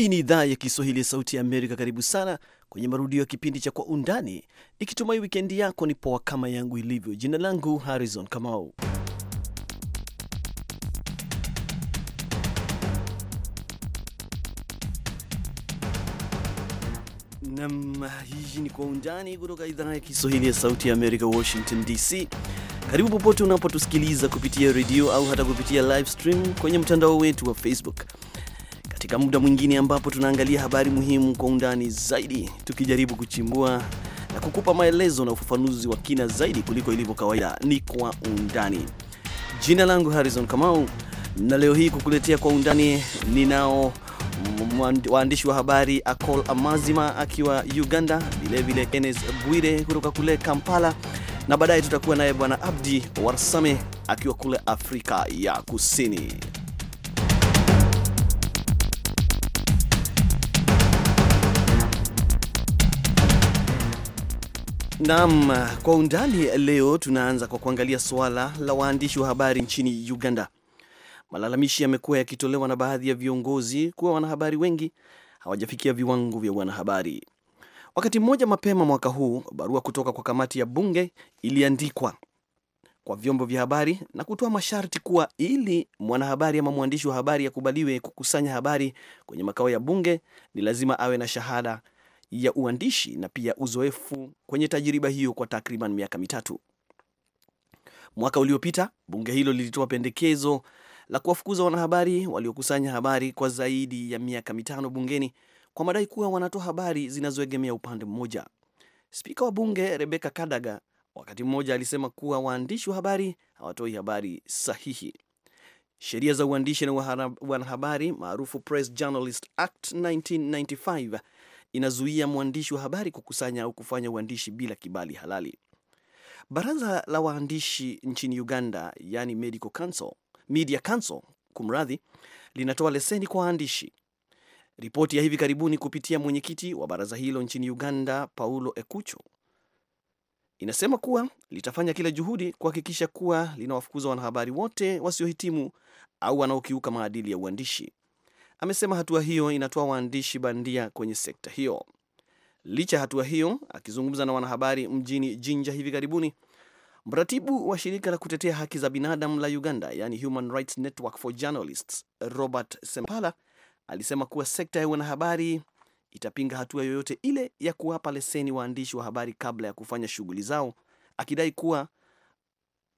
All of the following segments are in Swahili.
Hii ni idhaa ya Kiswahili ya Sauti ya Amerika. Karibu sana kwenye marudio ya kipindi cha Kwa Undani, ikitumai wikendi yako ni poa kama yangu ilivyo. Jina langu Harrison Kamau. Nam, hii ni Kwa Undani kutoka idhaa ya Kiswahili ya Sauti ya Amerika, Washington DC. Karibu popote unapotusikiliza kupitia redio au hata kupitia live stream kwenye mtandao wetu wa Facebook katika muda mwingine ambapo tunaangalia habari muhimu kwa undani zaidi, tukijaribu kuchimbua na kukupa maelezo na ufafanuzi wa kina zaidi kuliko ilivyo kawaida. Ni kwa undani. Jina langu Harrison Kamau, na leo hii kukuletea kwa undani ninao waandishi wa habari Akol Amazima akiwa Uganda, vilevile Kenneth Bwire kutoka kule Kampala, na baadaye tutakuwa naye Bwana Abdi Warsame akiwa kule Afrika ya Kusini. Naam, kwa undani leo tunaanza kwa kuangalia suala la waandishi wa habari nchini Uganda. Malalamishi yamekuwa yakitolewa na baadhi ya viongozi kuwa wanahabari wengi hawajafikia viwango vya wanahabari. Wakati mmoja mapema mwaka huu, barua kutoka kwa kamati ya bunge iliandikwa kwa vyombo vya habari na kutoa masharti kuwa ili mwanahabari ama mwandishi wa habari akubaliwe kukusanya habari kwenye makao ya bunge ni lazima awe na shahada ya uandishi na pia uzoefu kwenye tajiriba hiyo kwa takriban miaka mitatu. Mwaka uliopita bunge hilo lilitoa pendekezo la kuwafukuza wanahabari waliokusanya habari kwa zaidi ya miaka mitano bungeni kwa madai kuwa wanatoa habari zinazoegemea upande mmoja. Spika wa bunge Rebecca Kadaga wakati mmoja alisema kuwa waandishi wa habari hawatoi habari sahihi. Sheria za uandishi na wanahabari maarufu Press Journalist Act 1995 inazuia mwandishi wa habari kukusanya au kufanya uandishi bila kibali halali. Baraza la waandishi nchini Uganda, yani Medical Council, Media Council kumradhi, linatoa leseni kwa waandishi. Ripoti ya hivi karibuni kupitia mwenyekiti wa baraza hilo nchini Uganda, Paulo Ekucho, inasema kuwa litafanya kila juhudi kuhakikisha kuwa linawafukuza wanahabari wote wasiohitimu au wanaokiuka maadili ya uandishi amesema hatua hiyo inatoa waandishi bandia kwenye sekta hiyo. Licha ya hatua hiyo, akizungumza na wanahabari mjini Jinja hivi karibuni, mratibu wa shirika la kutetea haki za binadamu la Uganda, yani Human Rights Network for Journalists, Robert Sempala alisema kuwa sekta ya wanahabari itapinga hatua yoyote ile ya kuwapa leseni waandishi wa habari kabla ya kufanya shughuli zao, akidai kuwa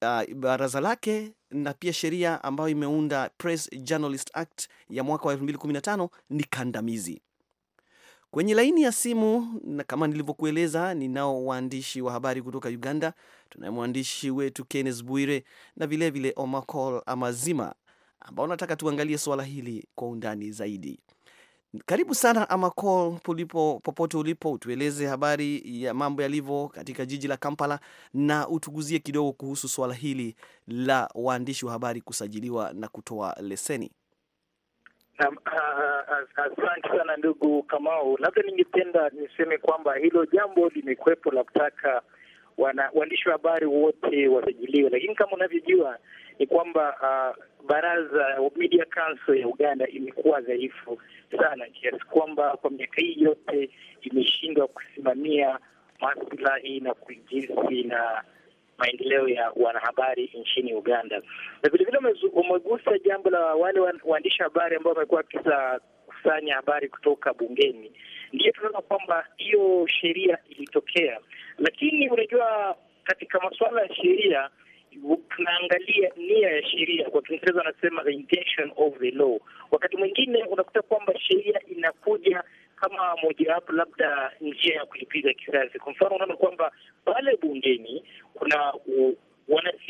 uh, baraza lake na pia sheria ambayo imeunda Press Journalist Act ya mwaka wa 2015 ni kandamizi. Kwenye laini ya simu na kama nilivyokueleza, ninao waandishi wa habari kutoka Uganda. Tunaye mwandishi wetu Kenneth Bwire na vilevile Omakol Amazima ambao nataka tuangalie suala hili kwa undani zaidi. Karibu sana Amacol, ulipo popote ulipo, utueleze habari ya mambo yalivyo katika jiji la Kampala na utuguzie kidogo kuhusu swala hili la waandishi wa habari kusajiliwa na kutoa leseni. Um, asante sana ndugu Kamau, labda ningependa niseme kwamba hilo jambo limekuwepo la kutaka waandishi wa habari wote wasajiliwe, lakini kama unavyojua ni kwamba uh, baraza Media Council ya Uganda imekuwa dhaifu sana kiasi kwamba kwa miaka hii yote imeshindwa kusimamia maslahi na kujisi na maendeleo ya wanahabari nchini Uganda. Na vilevile umegusa jambo la wale waandishi habari ambao wamekuwa kusanya habari kutoka bungeni. Ndiyo tunaona kwamba hiyo sheria ilitokea, lakini unajua, katika masuala ya sheria tunaangalia nia ya sheria, kwa Kiingereza wanasema the intention of the law. Wakati mwingine unakuta kwamba sheria inakuja kama mojawapo labda njia ya kulipiza kisasi. Kwa mfano, unaona kwamba pale bungeni kuna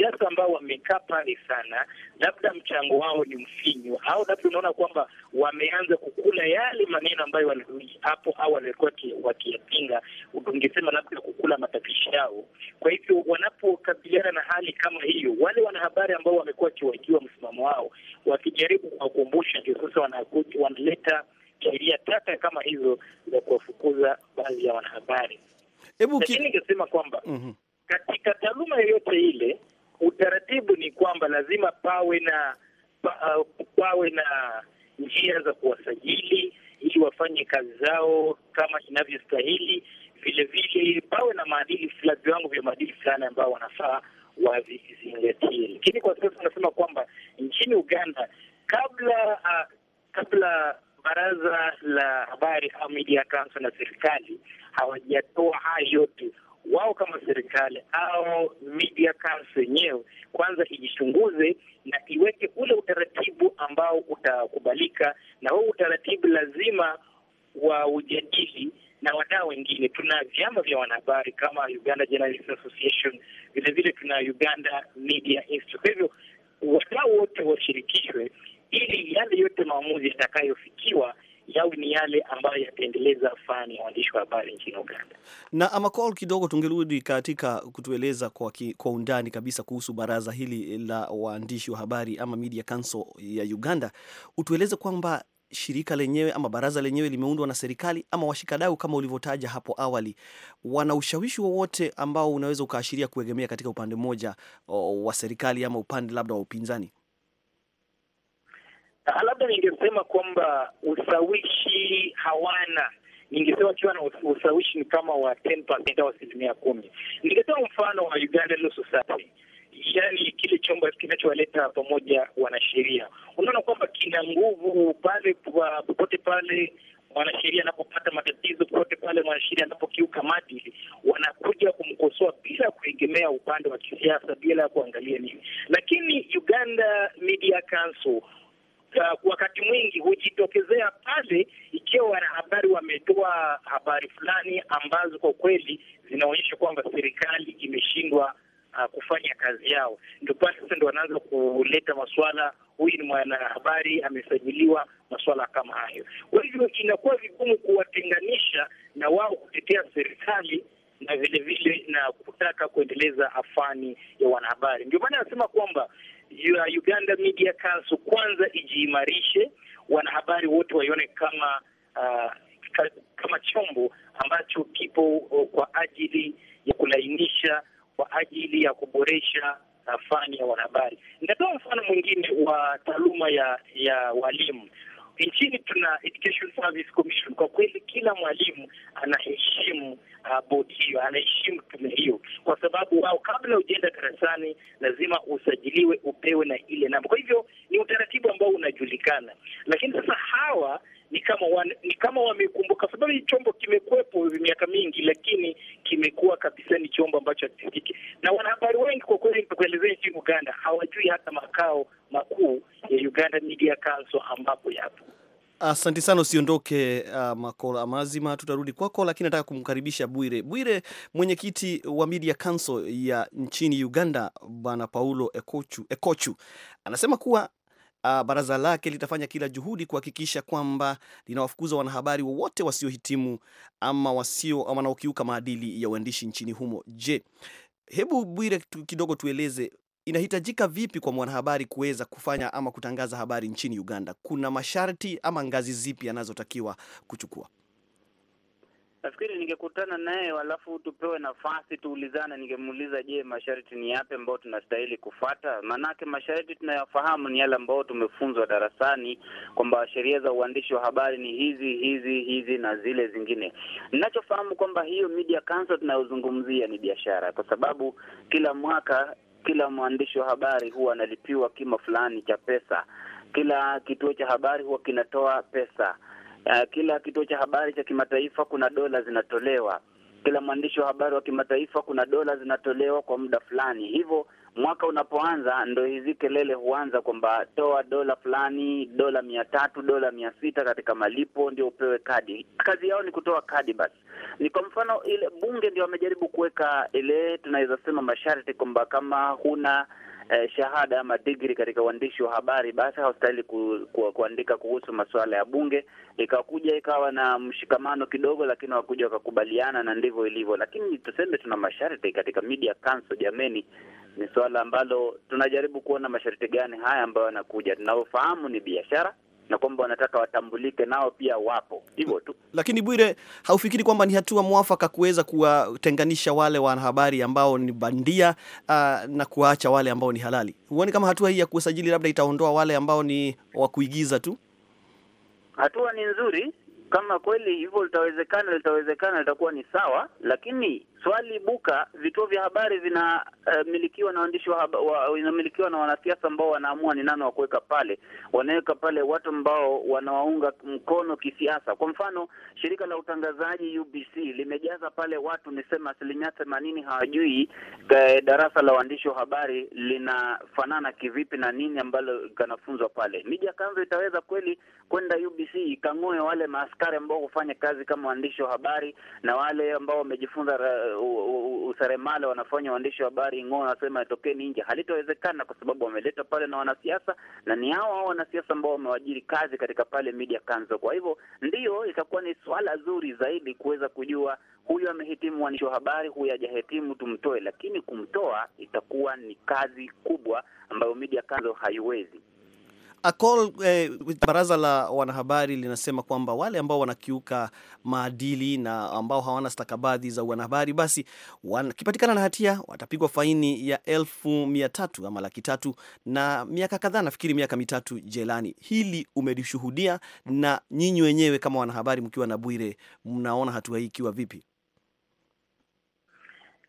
wanasiasa ambao wamekaa pale sana, labda mchango wao ni mfinyu, au labda unaona kwamba wameanza kukula yale maneno ambayo hapo au walikuwa wakiyapinga, ungesema labda kukula matapishi yao. Kwa hivyo wanapokabiliana na hali kama hiyo, wale wanahabari ambao wamekuwa wakiwajua msimamo wao, wakijaribu kuwakumbusha, ndio sasa wanaleta sheria tata kama hizo za kuwafukuza baadhi ya wanahabari. lakini ningesema kwamba mm -hmm. katika taaluma yoyote ile utaratibu ni kwamba lazima pawe na pa, uh, pawe na njia za kuwasajili ili wafanye kazi zao kama inavyostahili. Vile vile pawe na maadili fulani, viwango vya maadili fulani ambao wanafaa wavizingatie. Lakini kwa sasa unasema kwamba nchini Uganda kabla uh, kabla baraza la habari au media council na serikali hawajatoa haya yote wao kama serikali au media council yenyewe kwanza ijichunguze na iweke ule utaratibu ambao utakubalika, na huu utaratibu lazima wa ujadili na wadau wengine. Tuna vyama vya wanahabari kama Uganda Journalists Association, vilevile tuna Uganda Media Institute. Kwa hivyo wadau wote washirikishwe, ili yale yote maamuzi yatakayofikiwa yawe ni yale ambayo yataendeleza fani ya waandishi wa habari nchini Uganda. Na Amakol, kidogo tungerudi katika kutueleza kwa, ki, kwa undani kabisa kuhusu baraza hili la waandishi wa habari ama Media Council ya Uganda, utueleze kwamba shirika lenyewe ama baraza lenyewe limeundwa na serikali ama washikadau kama ulivyotaja hapo awali, wana ushawishi wowote ambao unaweza ukaashiria kuegemea katika upande mmoja wa serikali ama upande labda wa upinzani? Ah, labda ningesema kwamba usawishi hawana ningesema wakiwa na usawishi ni kama wa 10% au asilimia kumi. Ningetoa mfano wa Uganda Law Society, yani kile chombo kinachowaleta pamoja wanasheria. Unaona kwamba kina nguvu pale popote pale mwanasheria anapopata matatizo, popote pale mwanasheria anapokiuka maadili, wanakuja kumkosoa bila kuegemea upande wa kisiasa, bila kuangalia nini. Lakini Uganda Media Council uh, wakati mwingi hujitokezea pale ikiwa wanahabari wametoa habari fulani ambazo kwa kweli zinaonyesha kwamba serikali imeshindwa uh, kufanya kazi yao. Ndio pale sasa ndo wanaanza kuleta masuala, huyu ni mwanahabari amesajiliwa, masuala kama hayo. Kwa hivyo inakuwa vigumu kuwatenganisha na wao kutetea serikali na vile vile na kutaka kuendeleza afani ya wanahabari. Ndio maana anasema kwamba Uh, Uganda Media Council kwanza ijiimarishe, wanahabari wote waione kama uh, kama chombo ambacho kipo uh, kwa ajili ya kulainisha, kwa ajili ya kuboresha uh, fani ya wanahabari. Nitatoa mfano mwingine wa taaluma ya ya walimu nchini tuna Education Service Commission. Kwa kweli kila mwalimu anaheshimu uh, bodi hiyo, anaheshimu tume hiyo, kwa sababu wao kabla hujaenda darasani lazima usajiliwe, upewe na ile namba. Kwa hivyo ni utaratibu ambao unajulikana, lakini sasa hawa ni kama wan, ni kama wamekumbuka, sababu hii chombo kimekuwepo miaka mingi, lakini kimekuwa kabisa ni chombo ambacho hakisikiki na wanahabari wengi. Kwa kweli, nitakuelezea nchini Uganda hawajui hata makao makuu ya Uganda Media Council ambapo yapo. Asante sana, usiondoke uh, Makola Amazima, tutarudi kwako, lakini nataka kumkaribisha Bwire Bwire, mwenyekiti wa Media Council ya nchini Uganda, Bwana Paulo Ekochu. Ekochu anasema kuwa uh, baraza lake litafanya kila juhudi kuhakikisha kwamba linawafukuza wanahabari wowote wasiohitimu ama wasio wanaokiuka maadili ya uandishi nchini humo. Je, hebu Bwire kidogo tueleze inahitajika vipi kwa mwanahabari kuweza kufanya ama kutangaza habari nchini Uganda? Kuna masharti ama ngazi zipi anazotakiwa kuchukua? Nafikiri ningekutana naye alafu tupewe nafasi tuulizane, ningemuuliza je, masharti ni yapi ambayo tunastahili kufata? Maanake masharti tunayafahamu ni yale ambayo tumefunzwa darasani kwamba sheria za uandishi wa habari ni hizi hizi hizi na zile zingine. Ninachofahamu kwamba hiyo media council tunayozungumzia ni biashara, kwa sababu kila mwaka kila mwandishi wa habari huwa analipiwa kima fulani cha pesa, kila kituo cha habari huwa kinatoa pesa Uh, kila kituo cha habari cha kimataifa kuna dola zinatolewa, kila mwandishi wa habari wa kimataifa kuna dola zinatolewa kwa muda fulani. Hivyo mwaka unapoanza, ndo hizi kelele huanza kwamba toa dola fulani, dola mia tatu, dola mia sita katika malipo ndio upewe kadi. Kazi yao ni kutoa kadi. Basi ni kwa mfano ile bunge ndio wamejaribu kuweka ile tunaweza sema masharti kwamba kama huna eh, shahada ama digri katika uandishi wa habari, basi hawastahili ku, ku, kuandika kuhusu masuala ya bunge. Ikakuja ikawa na mshikamano kidogo, lakini wakuja wakakubaliana, na ndivyo ilivyo. Lakini tuseme tuna masharti katika media council. Jameni, ni suala ambalo tunajaribu kuona masharti gani haya ambayo yanakuja. Tunavyofahamu ni biashara na kwamba wanataka watambulike nao pia wapo hivyo tu. Lakini Bwire, haufikiri kwamba ni hatua mwafaka kuweza kuwatenganisha wale wanahabari ambao ni bandia uh, na kuwaacha wale ambao ni halali? Huoni kama hatua hii ya kusajili labda itaondoa wale ambao ni wa kuigiza tu? Hatua ni nzuri, kama kweli hivyo litawezekana, litawezekana litakuwa ni sawa, lakini swali buka, vituo vya habari vinamilikiwa eh, uh, na waandishi wa vinamilikiwa na wanasiasa ambao wanaamua ni nani wa kuweka pale. Wanaweka pale watu ambao wanawaunga mkono kisiasa. Kwa mfano, shirika la utangazaji UBC limejaza pale watu nisema asilimia themanini hawajui eh, darasa la waandishi wa habari linafanana kivipi na nini ambalo kanafunzwa pale. Mija kanzo itaweza kweli kwenda UBC ikang'oe wale maaskari ambao hufanya kazi kama waandishi wa habari na wale ambao wamejifunza useremala wanafanya waandishi wa habari ng'oo, wanasema ni nje, halitowezekana kwa sababu wameletwa pale na wanasiasa, na ni hao hao wanasiasa ambao wamewajiri kazi katika pale media council. Kwa hivyo ndiyo itakuwa ni swala zuri zaidi kuweza kujua huyu amehitimu mwandishi wa habari, huyu hajahitimu, tumtoe. Lakini kumtoa itakuwa ni kazi kubwa ambayo media council haiwezi Akol, eh, baraza la wanahabari linasema kwamba wale ambao wanakiuka maadili na ambao hawana stakabadhi za wanahabari basi wakipatikana na hatia watapigwa faini ya elfu mia tatu ama laki tatu na miaka kadhaa, nafikiri miaka mitatu jelani. Hili umelishuhudia na nyinyi wenyewe kama wanahabari mkiwa na Bwire, mnaona hatua hii ikiwa vipi?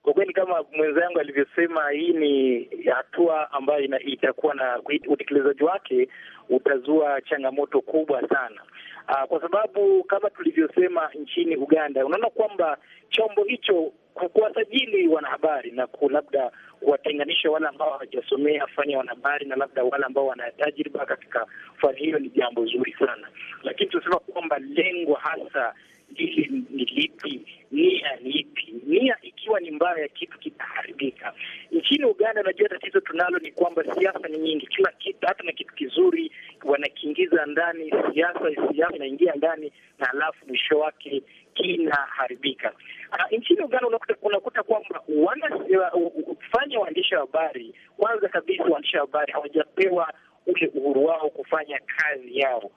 Kwa kweli kama mwenzangu alivyosema, hii ni hatua ambayo itakuwa na utekelezaji wake utazua changamoto kubwa sana. Aa, ah, kwa sababu kama tulivyosema nchini Uganda, unaona kwamba chombo hicho kuwasajili wanahabari na ku labda kuwatenganisha wale ambao hawajasomea fanya wanahabari na labda wale ambao wana tajriba katika fani hiyo ni jambo zuri sana, lakini tunasema kwamba lengo hasa dili ni lipi, nia ni ipi? Nia ikiwa ni mbaya, ya kitu kitaharibika. Nchini Uganda, najua tatizo tunalo ni kwamba siasa ni nyingi, kila kitu, hata na kitu kizuri wanakiingiza ndani siasa, siasa inaingia ndani na alafu mwisho wake kinaharibika. Ah, nchini Uganda unakuta, unakuta kwamba wanafanya waandishi wa habari, kwanza kabisa waandishi wa habari hawajapewa ule uhuru wao kufanya kazi yao.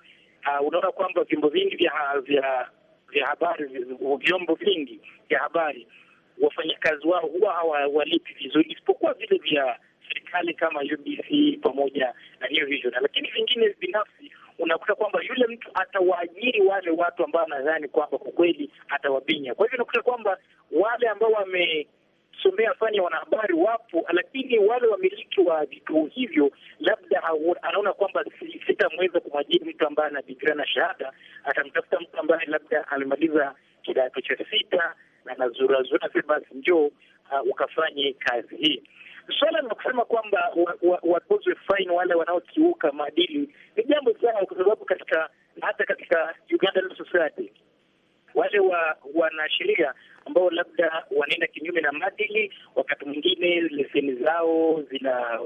Uh, unaona kwamba vyombo vingi vya vya habari, vyombo vingi vya habari, wafanyakazi wao huwa hawalipi vizuri, isipokuwa vile vya serikali kama UBC pamoja na New Vision, lakini vingine binafsi unakuta kwamba yule mtu atawaajiri wale watu ambao anadhani kwamba kwa kweli atawabinya. Kwa hivyo unakuta kwamba wale ambao wame waliosomea fani ya wanahabari wapo, lakini wale wamiliki wa vituo hivyo, labda anaona kwamba sitamweza kumwajiri mtu ambaye ana digrii na shahada, atamtafuta mtu ambaye labda amemaliza kidato cha sita na nazurazura, basi njoo uh, ukafanye kazi hii. Swala la kusema kwamba watozwe wa, wa faini wale wanaokiuka maadili ni jambo sana, kwa sababu katika hata katika Uganda Law Society wale wa wanasheria ambao labda wanaenda kinyume na maadili, wakati mwingine leseni zao zina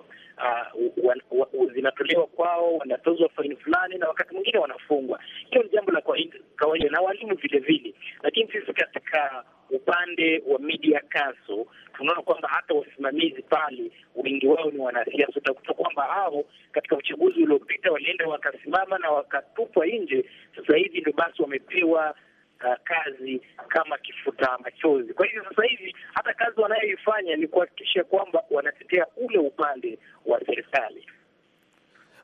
uh, zinatolewa kwao, wanatozwa faini fulani, na wakati mwingine wanafungwa. Hiyo ni jambo la kawaida na walimu vile vile, lakini sisi katika upande wa media kaso tunaona kwamba hata wasimamizi pale wengi wao ni wanasiasa. Utakuta kwamba hao katika uchaguzi uliopita walienda wakasimama na wakatupwa nje, sasa hivi ndio basi wamepewa uh, kazi kama kifuta machozi. Kwa hivyo sasa hivi hata kazi wanayoifanya ni kuhakikisha kwamba wanatetea ule upande wa serikali.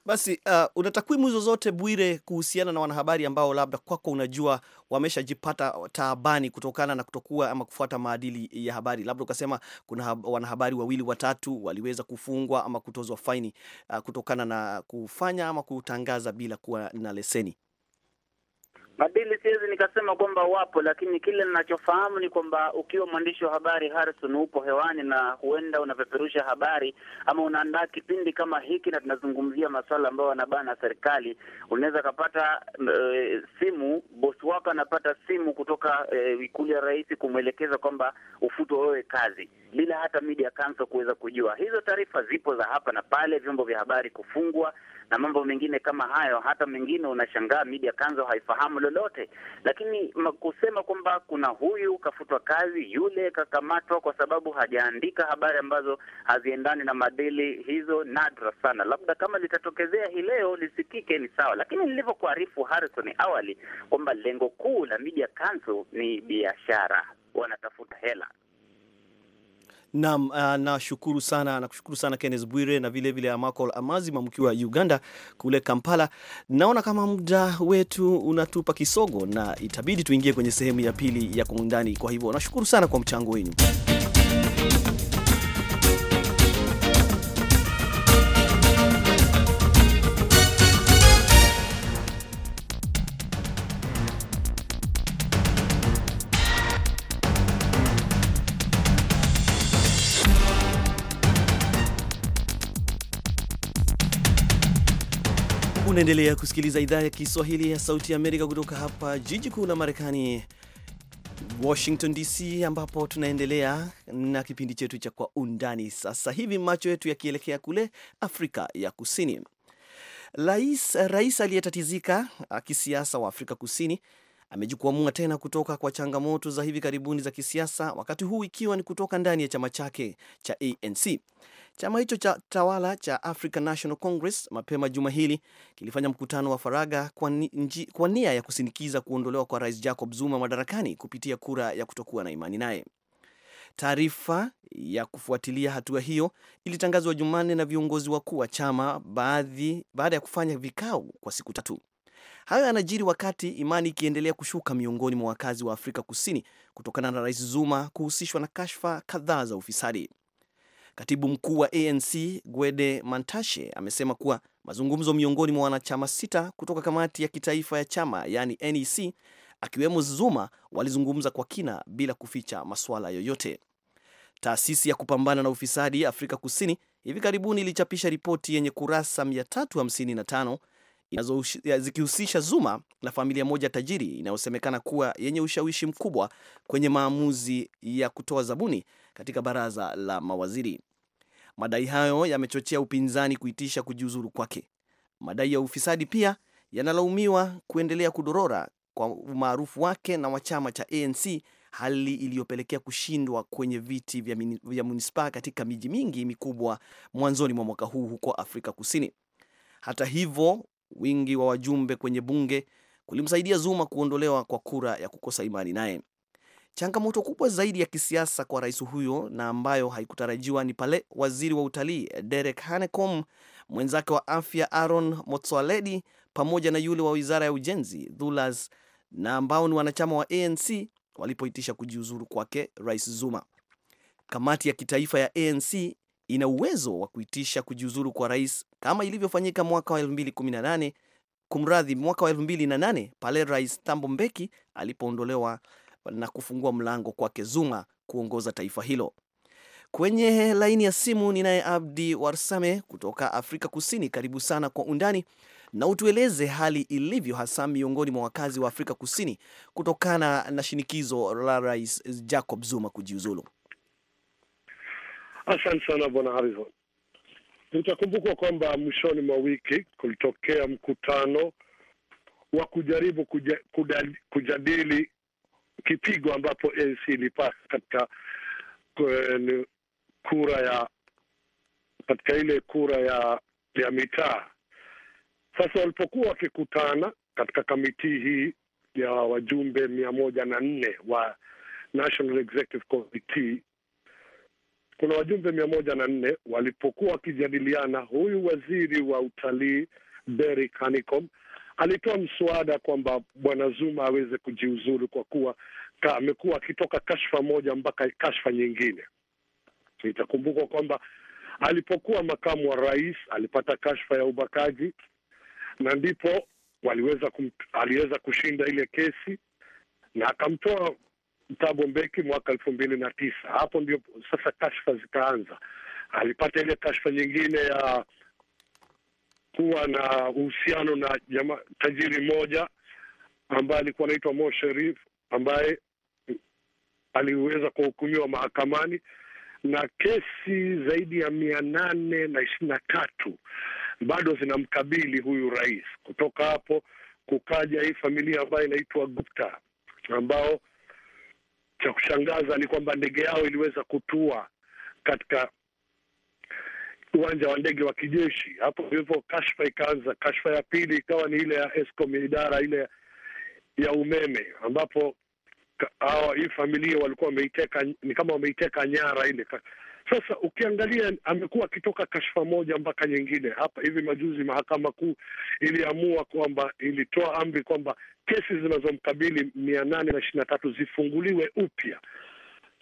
Basi uh, una takwimu hizo zote Bwire, kuhusiana na wanahabari ambao labda kwako unajua wameshajipata taabani kutokana na kutokuwa ama kufuata maadili ya habari, labda ukasema kuna wanahabari wawili watatu waliweza kufungwa ama kutozwa faini uh, kutokana na kufanya ama kutangaza bila kuwa na leseni madili siwezi nikasema kwamba wapo, lakini kile ninachofahamu ni kwamba ukiwa mwandishi wa habari Harrison, upo hewani na huenda unapeperusha habari ama unaandaa kipindi kama hiki, na tunazungumzia masuala ambayo yanabana serikali, unaweza kapata e, simu, bosi wako anapata simu kutoka e, ikulu ya rais kumwelekeza kwamba ufutwe wewe kazi bila hata media council kuweza kujua. Hizo taarifa zipo za hapa na pale, vyombo vya habari kufungwa na mambo mengine kama hayo. Hata mengine unashangaa media council haifahamu lolote, lakini kusema kwamba kuna huyu kafutwa kazi, yule kakamatwa kwa sababu hajaandika habari ambazo haziendani na madili, hizo nadra sana. Labda kama litatokezea hii leo lisikike ni sawa, lakini nilivyokuarifu Harrison awali kwamba lengo kuu la media council ni biashara, wanatafuta hela Naam, ah, nashukuru sana, nakushukuru sana Kenneth Bwire na vile vile Amakol Amazima mkiwa Uganda kule Kampala. Naona kama muda wetu unatupa kisogo na itabidi tuingie kwenye sehemu ya pili ya kwa undani. Kwa hivyo nashukuru sana kwa mchango wenu. Unaendelea kusikiliza idhaa ya Kiswahili ya Sauti ya Amerika kutoka hapa jiji kuu la Marekani, Washington DC, ambapo tunaendelea na kipindi chetu cha Kwa Undani. Sasa hivi macho yetu yakielekea kule Afrika ya Kusini. Rais, rais aliyetatizika kisiasa wa Afrika Kusini amejikwamua tena kutoka kwa changamoto za hivi karibuni za kisiasa, wakati huu ikiwa ni kutoka ndani ya chama chake cha ANC. Chama hicho cha tawala cha African National Congress mapema juma hili kilifanya mkutano wa nji, kwa nia ya kusindikiza kuondolewa kwa Rais Jacob Zuma madarakani kupitia kura ya kutokuwa na imani naye. Taarifa ya kufuatilia hatua hiyo ilitangazwa Jumanne na viongozi wakuu wa chama baadhi, baada ya kufanya vikao kwa siku tatu. Hayo yanajiri wakati imani ikiendelea kushuka miongoni mwa wakazi wa Afrika Kusini kutokana na Rais Zuma kuhusishwa na kashfa kadhaa za ufisadi. Katibu mkuu wa ANC Gwede Mantashe amesema kuwa mazungumzo miongoni mwa wanachama sita kutoka kamati ya kitaifa ya chama yaani NEC akiwemo Zuma walizungumza kwa kina bila kuficha masuala yoyote. Taasisi ya kupambana na ufisadi Afrika Kusini hivi karibuni ilichapisha ripoti yenye kurasa 355 zikihusisha Zuma na familia moja tajiri inayosemekana kuwa yenye ushawishi mkubwa kwenye maamuzi ya kutoa zabuni katika baraza la mawaziri. Madai hayo yamechochea upinzani kuitisha kujiuzuru kwake. Madai ya ufisadi pia yanalaumiwa kuendelea kudorora kwa umaarufu wake na wa chama cha ANC, hali iliyopelekea kushindwa kwenye viti vya manispaa katika miji mingi mikubwa mwanzoni mwa mwaka huu huko Afrika Kusini. Hata hivyo, wingi wa wajumbe kwenye bunge kulimsaidia Zuma kuondolewa kwa kura ya kukosa imani naye. Changamoto kubwa zaidi ya kisiasa kwa rais huyo na ambayo haikutarajiwa ni pale waziri wa utalii Derek Hanekom, mwenzake wa afya Aaron Motsoaledi pamoja na yule wa wizara ya ujenzi Dhulas na ambao ni wanachama wa ANC walipoitisha kujiuzuru kwake Rais Zuma. Kamati ya kitaifa ya ANC ina uwezo wa kuitisha kujiuzuru kwa rais kama ilivyofanyika mwaka wa 2018, kumradhi, mwaka wa 2008 pale Rais Thabo Mbeki alipoondolewa na kufungua mlango kwake Zuma kuongoza taifa hilo. Kwenye laini ya simu ninaye Abdi Warsame kutoka Afrika Kusini. Karibu sana kwa undani, na utueleze hali ilivyo hasa miongoni mwa wakazi wa Afrika Kusini kutokana na shinikizo la Rais Jacob Zuma kujiuzulu. Asante sana Bwana Harrison. Itakumbukwa kwamba mwishoni mwa wiki kulitokea mkutano wa kujaribu kuja, kudali, kujadili kipigo ambapo ANC ilipata katika kura ya katika ile kura ya ya mitaa. Sasa walipokuwa wakikutana katika kamiti hii ya wajumbe mia moja na nne wa National Executive Committee, kuna wajumbe mia moja na nne walipokuwa wakijadiliana, huyu waziri wa utalii Barry Canicom alitoa mswada kwamba bwana Zuma aweze kujiuzuru kwa kuwa amekuwa akitoka kashfa moja mpaka kashfa nyingine. Itakumbukwa kwamba alipokuwa makamu wa rais alipata kashfa ya ubakaji, na ndipo waliweza kum, aliweza kushinda ile kesi na akamtoa Thabo Mbeki mwaka elfu mbili na tisa. Hapo ndio sasa kashfa zikaanza. Alipata ile kashfa nyingine ya kuwa na uhusiano na jama, tajiri mmoja ambaye alikuwa anaitwa Mo Sherif ambaye aliweza kuhukumiwa mahakamani na kesi zaidi ya mia nane na ishirini na tatu bado zinamkabili huyu rais. Kutoka hapo kukaja hii familia ambayo inaitwa Gupta ambao cha kushangaza ni kwamba ndege yao iliweza kutua katika uwanja wa ndege wa kijeshi. Hapo hivyo kashfa ikaanza. Kashfa ya pili ikawa ni ile ya Eskom, idara ile ya umeme, ambapo hawa hii familia walikuwa wameiteka, ni kama wameiteka nyara ile. Sasa ukiangalia, amekuwa akitoka kashfa moja mpaka nyingine. Hapa hivi majuzi mahakama kuu iliamua kwamba, ilitoa amri kwamba kesi zinazomkabili mia nane na ishirini na tatu zifunguliwe upya.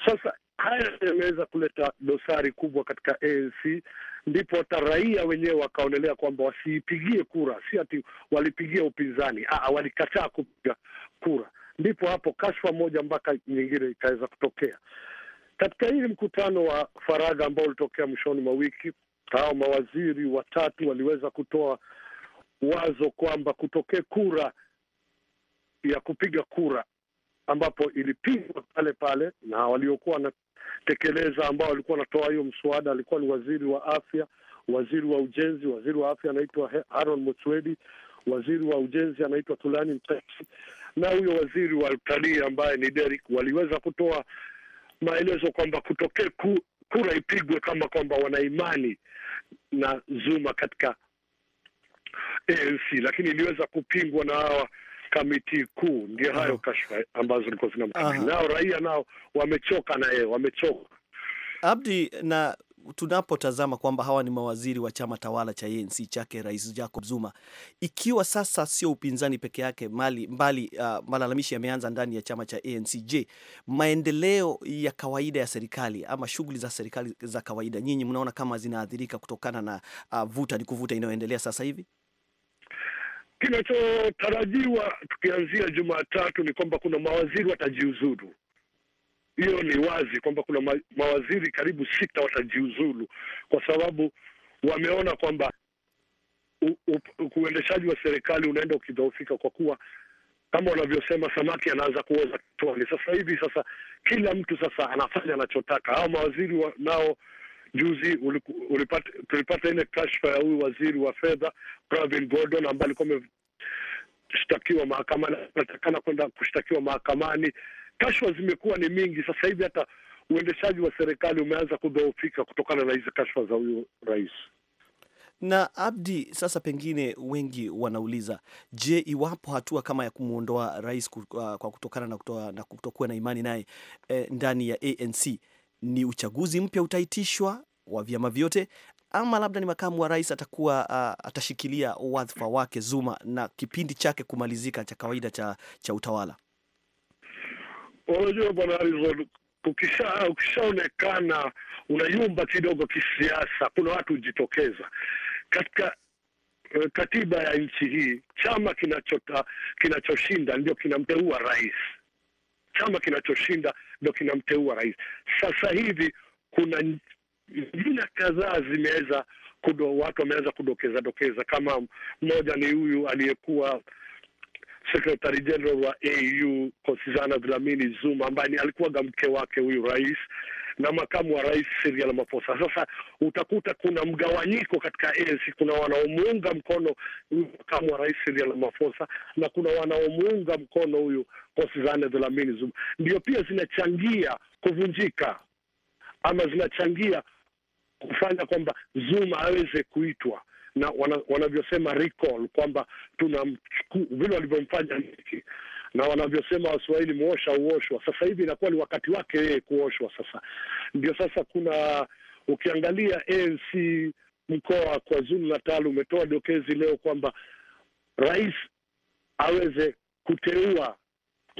Sasa Haya yameweza kuleta dosari kubwa katika ANC, ndipo hata raia wenyewe wakaonelea kwamba wasiipigie kura, si ati walipigia upinzani. Aa, walikataa kupiga kura, ndipo hapo kashfa moja mpaka nyingine ikaweza kutokea katika hili mkutano wa faragha ambao ulitokea mwishoni mwa wiki. Hao mawaziri watatu waliweza kutoa wazo kwamba kutokee kura ya kupiga kura ambapo ilipigwa pale pale na waliokuwa tekeleza ambao alikuwa anatoa hiyo mswada alikuwa ni waziri wa afya, waziri wa ujenzi. Waziri wa afya anaitwa aron Motsoedi, waziri wa ujenzi anaitwa Tulani Mtaki, na huyo waziri wa utalii ambaye ni deri waliweza kutoa maelezo kwamba kutokee ku, kura ipigwe kama kwamba wanaimani na Zuma katika ANC, lakini iliweza kupingwa na hawa kamiti kuu. Ndio hayo kashfa ambazo zilikuwa zinamkabili, nao raia nao wamechoka na yeye wamechoka Abdi na tunapotazama kwamba hawa ni mawaziri wa chama tawala cha ANC chake Rais Jacob Zuma, ikiwa sasa sio upinzani peke yake mali, mbali uh, malalamishi yameanza ndani ya chama cha ANC. Je, maendeleo ya kawaida ya serikali ama shughuli za serikali za kawaida nyinyi mnaona kama zinaathirika kutokana na uh, vuta ni kuvuta inayoendelea sasa hivi? Kinachotarajiwa tukianzia Jumatatu ni kwamba kuna mawaziri watajiuzulu Hiyo ni wazi kwamba kuna mawaziri karibu sita watajiuzulu kwa sababu wameona kwamba uendeshaji wa serikali unaenda ukidhoofika, kwa kuwa kama wanavyosema samaki anaanza kuoza kichwani. Sasa hivi sasa kila mtu sasa anafanya anachotaka. Hawa mawaziri wa, nao Juzi tulipata ile kashfa ya huyu waziri wa fedha Pravin Gordon ambaye alikuwa ameshtakiwa mahakamani, anatakana kwenda kushtakiwa mahakamani. Kashfa zimekuwa ni mingi, sasa hivi hata uendeshaji wa serikali umeanza kudhoofika kutokana na hizi kashfa za huyu rais. Na Abdi, sasa pengine wengi wanauliza, je, iwapo hatua kama ya kumwondoa rais kwa kutokana na kutokuwa na imani naye eh, ndani ya ANC ni uchaguzi mpya utaitishwa wa vyama vyote ama labda ni makamu wa rais atakuwa uh, atashikilia wadhifa wake Zuma na kipindi chake kumalizika cha kawaida cha, cha utawala. Unajua bwana Harrison, ukisha ukishaonekana unayumba kidogo kisiasa, kuna watu hujitokeza katika uh, katiba ya nchi hii. Chama kinachota kinachoshinda ndio kinamteua rais chama kinachoshinda ndo kinamteua rais. Sasa hivi kuna jina kadhaa zimeweza kudo, watu wameanza kudokeza dokeza, kama mmoja ni huyu aliyekuwa Secretary General wa AU Nkosazana Dlamini Zuma ambaye alikuwaga mke wake huyu rais na makamu wa rais Cyril Ramaphosa. Sasa utakuta kuna mgawanyiko katika ANC, kuna wanaomuunga mkono huyu makamu wa rais Cyril Ramaphosa na kuna wanaomuunga mkono huyu Nkosazana Dlamini Zuma, ndio pia zinachangia kuvunjika ama zinachangia kufanya kwamba Zuma aweze kuitwa na wanavyosema recall kwamba tuna vile walivyomfanya na wanavyosema Waswahili, muosha uoshwa. Sasa hivi inakuwa ni wakati wake yeye kuoshwa. Sasa ndio sasa, kuna ukiangalia ANC mkoa kwa KwaZulu Natal umetoa dokezi leo kwamba rais aweze kuteua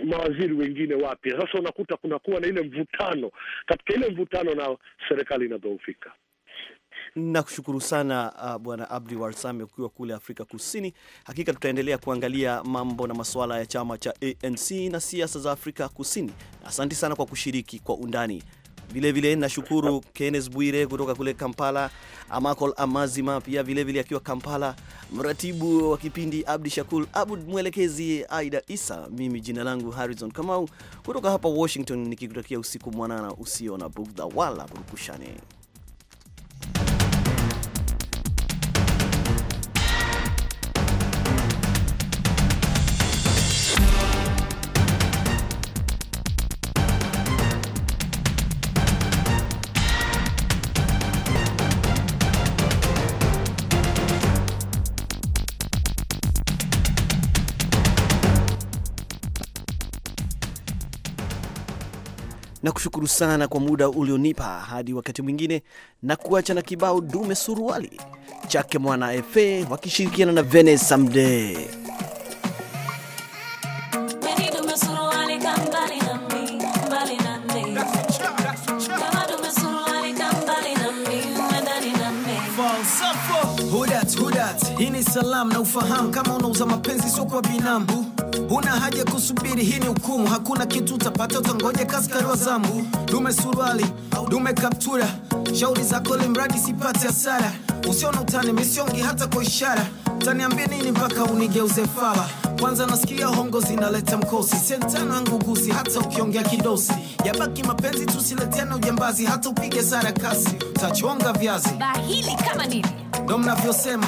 mawaziri wengine wapya. Sasa unakuta kunakuwa na ile mvutano, katika ile mvutano nao serikali inadhoofika. Nakushukuru sana uh, bwana Abdi Warsame ukiwa kule Afrika Kusini. Hakika tutaendelea kuangalia mambo na masuala ya chama cha ANC na siasa za Afrika Kusini. Asante sana kwa kushiriki kwa undani. Vilevile nashukuru kennes Bwire kutoka kule Kampala, Amakol Amazima pia vilevile akiwa Kampala, mratibu wa kipindi Abdi Shakul Abud, mwelekezi Aida Isa. Mimi jina langu Harrison Kamau kutoka hapa Washington, nikikutakia usiku mwanana usio na bugdha wala purukushani. na kushukuru sana kwa muda ulionipa. Hadi wakati mwingine, na kuacha na kibao dume suruali chake Mwana Efe wakishirikiana na Vene Samde. Hii ni salamu na ufahamu, kama unauza mapenzi sio kwa binamu Una haja kusubiri, hii ni hukumu. Hakuna kitu utapata, utangoja kaskari wa zambu. Dume suruali, dume kaptura, shauri za kole, mradi sipate hasara. Usiona utani, misiongi hata kwa ishara. Utaniambia nini mpaka unigeuze fala? Kwanza nasikia hongo zinaleta mkosi, sentano yangu gusi, hata ukiongea kidosi. Yabaki mapenzi, tusileteana ujambazi, hata upige sara kasi, utachonga viazi. Bahili kama nini, ndo mnavyosema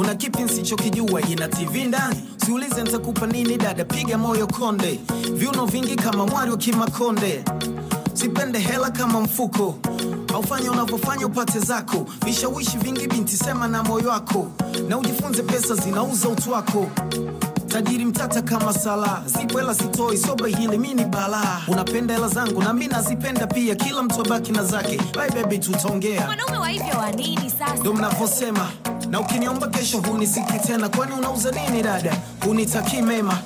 kuna kipi nsichokijua? Ina TV ndani, siulize ntakupa nini dada, piga moyo konde, viuno vingi kama mwari wa Kimakonde, sipende hela kama mfuko aufanya unavyofanya upate zako, vishawishi vingi binti, sema na moyo wako, na ujifunze, pesa zinauza utu wako tajiri mtata kama sala, zipo ela sitoi, sobe hili mi ni Unapenda hela zangu na mi nazipenda pia, kila mtu abaki na zake. Bye baby, tutaongea. Wanaume sasa? mnavyosema, na ukiniomba kesho hunisiki tena, kwani unauza nini dada? Hunitakii mema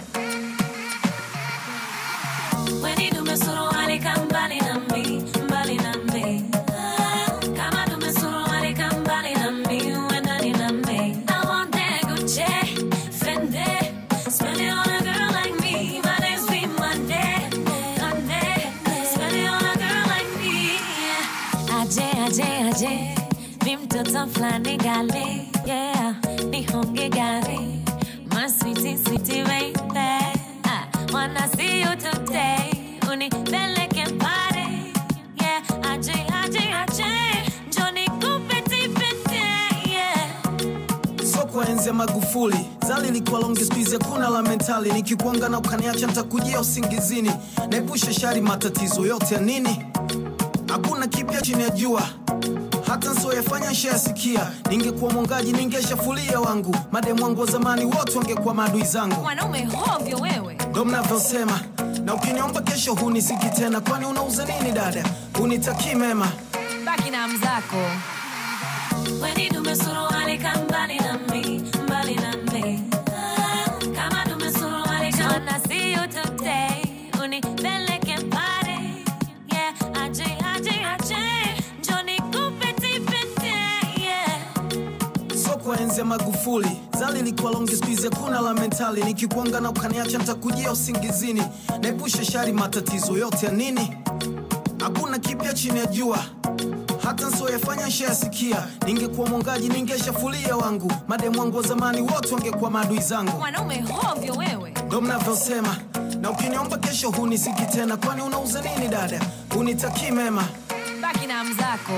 kufuli zali likuwa long distance la mentali nikikuanga na ukaniacha nitakujia usingizini naepusha shari matatizo yote ya nini hakuna kipya chini ya jua hata nsioyafanya nshayasikia ningekuwa mwangaji ningeshafulia wangu mademu wangu wa zamani wote wangekuwa maadui zangu mwanaume hovyo wewe ndo mnavyosema na ukiniomba kesho hunisiki tena kwani unauza nini dada hunitakii mema baki na mzako kambani na Magufuli zali likuwa longest hakuna la mentali nikikuanga na ukaniacha nitakujia usingizini naepusha shari matatizo yote ya nini hakuna kipya chini ya jua hata nsioyafanya nshayasikia. Ningekuwa mwangaji ningeshafulia wangu, mademu wangu wa zamani wote wangekuwa maadui zangu. Mwanaume hovyo wewe, ndo mnavyosema, na ukiniomba kesho hunisiki tena. Kwani unauza nini dada? Unitakii mema, baki na mzako.